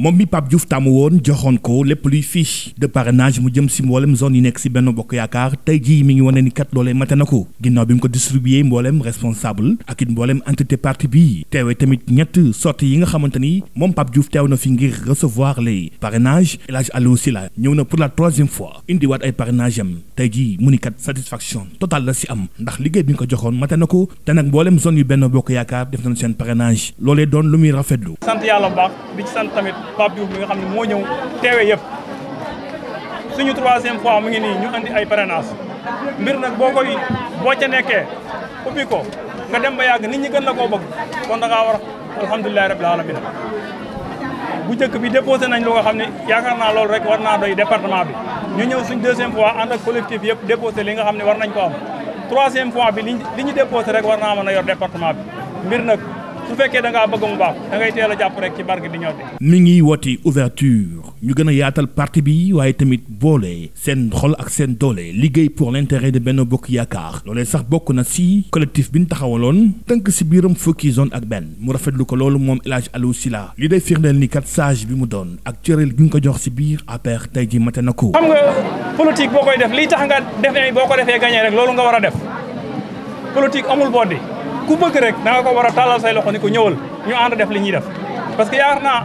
moom mi Pape Diouf tàmm woon joxoon ko lépp luy fiche de parrainage mu jëm si mboolem zone yi nekk si benn bokk yaakaar tey jii mi ngi wane ni kat loolee mate na ko ginnaaw bi mu ko distribué mboolem responsable ak it mboolem entité parti bi teewee tamit ñett sorti yi nga xamante ni moom Pape Diouf teew na fi ngir recevoir les parenage El Hadj Aliou ñëw na pour la troisième fois indiwaat ay parrainage am tey jii mu ni kat satisfaction total la si am ndax liggéey bi ñu ko joxoon mate na ko te nag mboolem zone yu benn bokk yaakaar def nañu seen parrainage loolee doon lu muy rafetlu. sant Pape Diouf mi nga xam ne moo ñëw teewe yëpp suñu troisième fois mu ngi nii ñu andi ay parrainage mbir nag boo koy boo ca nekkee ubbi ko nga dem ba yàgg nit ñi gën la koo bëgg kon da ngaa war alhamdulilah rabbil alamin bu njëkk bi déposé nañ lu nga xam ne yaakaar naa loolu rek war naa doy département bi ñu ñëw suñ deuxième fois ànd ak collectif yëpp déposé li nga xam ne war nañ ko am troisième fois bi li ñu déposé rek war naa mën a yor département bi mbir nag su fekkee da bëgg mu baax da ngay jàpp rek ci barke di ñëw de. mi ngi woti ouverture ñu gën a yaatal parti bi waaye tamit boole seen xol ak seen doole liggéey pour l'intérêt de benn Bokk Yaakaar loolee sax bokk na si collectif bi ñu taxawaloon tënk si biiram fukki zone ak benn mu rafetlu ko loolu moom El Hadj Aliou li day firndeel ni kat sage bi mu doon ak cëréel bi ñu ko jox si biir APR tey ji mate na ko. xam nga politique boo koy def war a def ku bëgg rek da nga ko war a tàllal say loxo ni ko ñëwal ñu ànd def li ñuy def parce que yaakaar naa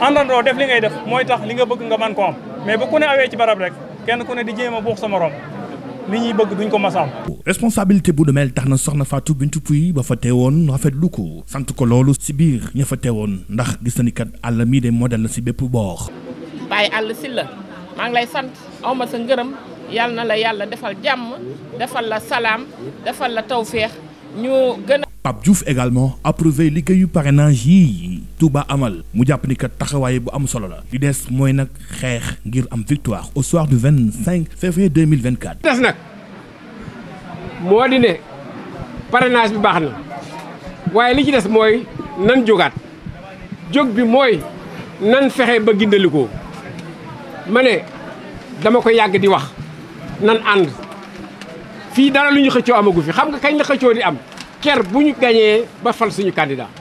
àndandoo def li ngay def mooy tax li nga bëgg nga mën ko am mais bu ku ne awee ci barab rek kenn ku ne di jéem a buux sa morom li ñuy bëgg duñ ko masaam responsabilité bu demel tax na soxna Fatou Bintou Pouye ba fa teewoon rafetlu ko sant ko loolu si biir ña fa teewoon ndax gis na kat àll mii de modèle la si bépp boor. bàyyi àll si la maa ngi lay sa na la yàlla defal jàmm defal la salaam defal la tawféex. ñu gën a. Pape Diouf également approuvé liggéeyu parrainage yi Touba amal mu jàpp ni taxawaay bu am solo la li des mooy nag xeex ngir am victoire au soir du 25 février 2024. des nag moo di ne parenage bi baax na waaye li ci des mooy nan jógaat jóg bi mooy nan fexe ba gindalikoo ma ne dama ko yàgg di wax nan ànd fii dara lu ñu xëccoo amagu fi xam nga kañ la xëccoo di am. ker bu ñu gañee ba fal suñu candidat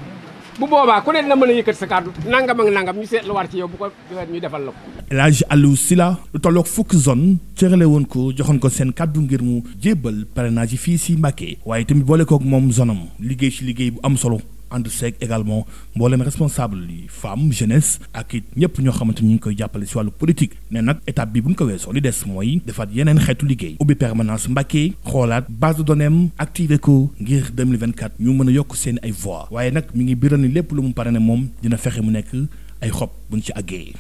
bu boobaa ku ne dina mën a yëkkat sa kàddu nangam ak nangam ñu seetlu war ci yow bu ko ñu defal la ko. El Hadj Aliou Sylla lu tollook fukki zone cërale woon ko joxoon ko seen kàddu ngir mu jébbal pare naa yi fii si Mbacké waaye tamit boole koog moom zonam liggéey ci liggéey bu am solo. ànd seeg également mboolem responsable yi femme jeunesse ak it ñëpp ñoo xamante ni ñu ngi koy jàppale si wàllu politique ne nag étape bi bu ñu ko weesoo li des mooy defaat yeneen xeetu liggéey ubbi permanence Mbàkke xoolaat base de données am activé ko ngir 2024 ñu mën a yokk seen ay voix waaye nag mi ngi biral ni lépp lu mu pare ne moom dina fexe mu nekk ay xob buñ ci àggee.